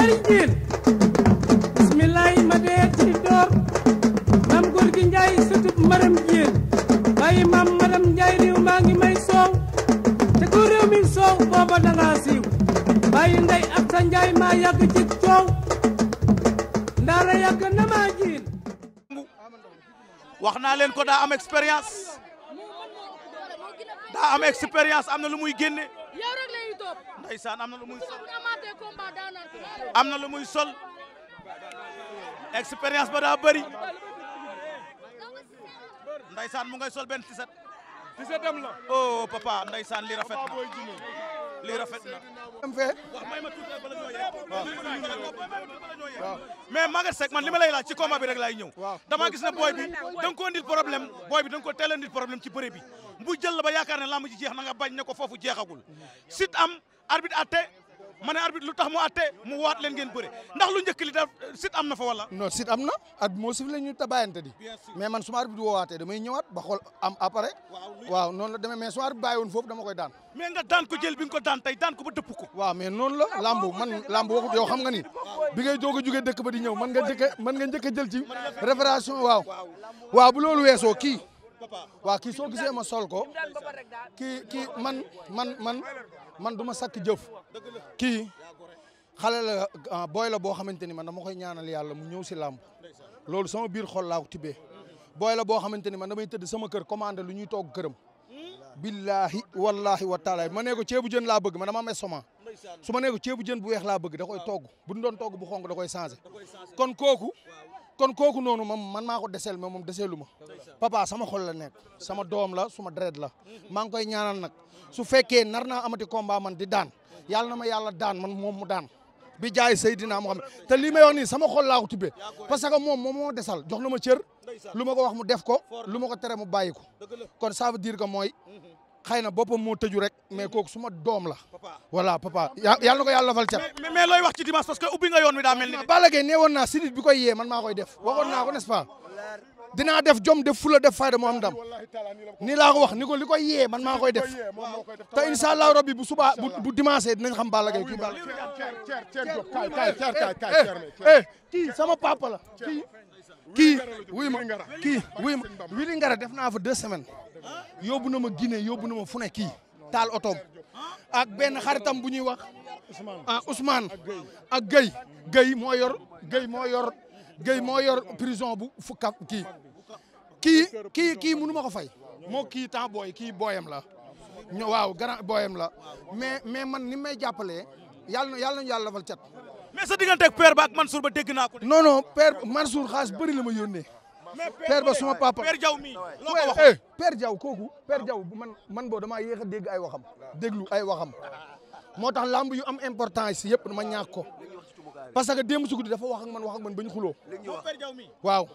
alari jiin bismillahi ma dee ci door maam góor gi njaay sutub maram jiin bàyyi maam maram njaay réew maa ngi may soow te ku réew mi soow booba danga siiw bàyyi ndey ak sa njaay maa yàgg ci coow ndaara yàgg ya na maa jiin wax naa ko daa am experience, daa am experience am na lu muy génne ndeysaan am na lu am na lu muy sol expérience ba daa bëri ndeysaan mu ngay sol benn tiset tisetam oh, papa ndeysaan li rafet na lii rafet na. mais Maguette Seck man li ma lay laaj ci combat bi rek laay ñëw. dama gis ne booy bi da nga ko indil booy bi da nga ko teel a indil ci bëre bi bu jël la ba yaakaar ne lamb ji jeex na nga bañ ne ko foofu jeexagul. sit am arbitre atte ma ne lu tax mu àtte mu waat leen ngeen bëre ndax lu njëkk li sit am na fa wala non sit am na at moo sif la ñu tabayante di mais man suma arbitre woowaatee damay ñëwaat ba xool am appareil waaw noonu la demee mais suma arbitre bàyyi woon foofu dama koy daan mais nga daan ko jël bi ko daan tey daan ko ba dëpp ko waaw mais noonu la lamb man lamb waxut yow xam nga ni bi ngay doog a jógee dëkk ba di ñëw man nga njëkk nga njëkk a jël ci référence waaw waaw bu loolu weesoo kii waaw kii soo gisee ma sol ko kii man man man man du ma sakk jëf kii xale la ah, booy la boo xamante ni man dama koy ñaanal yàlla mu ñëw si làmb loolu sama biir xol laa ko tibbee booy la boo xamante ni man damay tëdd sama kër commandé lu ñuy toog këram billahi wallahi wa taalaay ma ne ceebu jën laa bëgg man dama am estomac su ma ne ko ceebu jën bu weex laa bëgg da toog bu ñu doon bu xonk da koy changé kon kooku kon kooku noonu moom man maa ko deseel mais moom deseelu ma papa sama xol la nekk sama doom la suma deret la maa ngi koy ñaanal nag su fekkee nar naa amati combat man di daan yàlla na ma yàlla daan man moom mu daan bi jaay Seydina Muhammad te lii may wax nii sama xol laa ko tibbee parce que moom moom moo desal jox na ma cër lu ma ko wax mu def ko lu ma ko tere mu bàyyi ko kon ça veut dire que mooy mhm. xëy na boppam moo tëju rek mais kooku suma doom la. papa voilà papa yàlla na ko yàlla lafal cat. mais mais looy wax ci dimanche parce yoon wi daa mel ni. Balla Gaye naa sidit bi yee man maa koy def. waxoon naa ko nest dinaa def jom def fula def fayda mu am ndam ni laa ko wax ni ko li koy yee man maa koy def te incha allahu rabbi bu subaa bu dimanche dinañ xam Balla Gaye kii Balla Gaye eh, eh, eh, kii sama papa la kii kii wuy ma kii wuy ma Wili Ngara def naa fa deux semaines yóbbu na ma Guinée yóbbu na ma fu ne kii taal otoom ak benn xaritam bu ñuy wax ah Ousmane ak Guèye Guèye moo yor Guèye moo yor Guèye moo yor prison bu fukkat kii kii kii kii mënu ko fay moo kii temps booy kii booyam la ñu waaw grand booyam la mais mais man ni may jàppalee yàlla na yàlla yàlla defal cat. mais sa diggante ak père ba ak Mansour ba dégg naa ko. non non père Mansour xaalis bëri la ma yónnee. père ba suma papa père Diaw loo ko wax. Eh, père Diaw kooku père Diaw man man boo damaa yéex a dégg ay waxam déglu ay waxam moo tax lamb yu am importance yëpp ma ñàkk ko. parce que démb si guddi dafa wax ak man wax ak man ba ñu xuloo. waaw.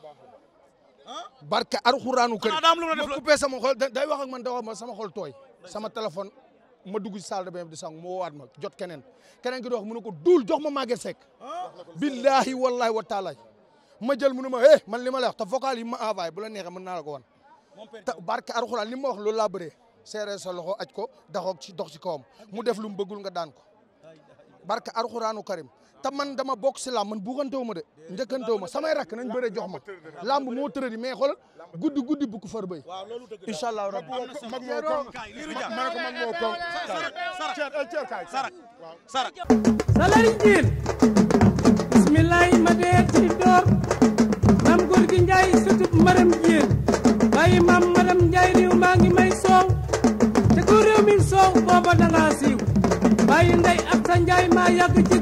barka alxuraanu kër sama xol day wax ak man da wax ma sama xol tooy sama téléphone ma dugg ci salle de bain bi di sang moo waat ma jot keneen keneen ki di wax mu ne ko duul jox ma Maguette Seck billahi wallahi wa taala ma jël mu ne ma eh man li ma la wax te vocal yi ma envoyé bu la neexee mën naa la ko wan te barke alxuraan li ma wax loolu laa bëree seeree sa loxo aj ko daxoog ci dox ci kawam mu def lu mu bëggul nga daan ko barke alxuraanu karim te man dama bokk si làmb man buuxantewu ma de njëkkantewu ma samay rakk nañ bëre jox ma làmb moo tërëri mais xoolal guddi guddi bu far bay incha allah rabbi salari jiin bismillahi ma dee ci door maam góor njaay sëtub maram jiin bàyyi maam maram njaay riw maa ngi may soow te ko réew soow booba dangaa siiw bàyyi ndey ak njaay maa yàgg ci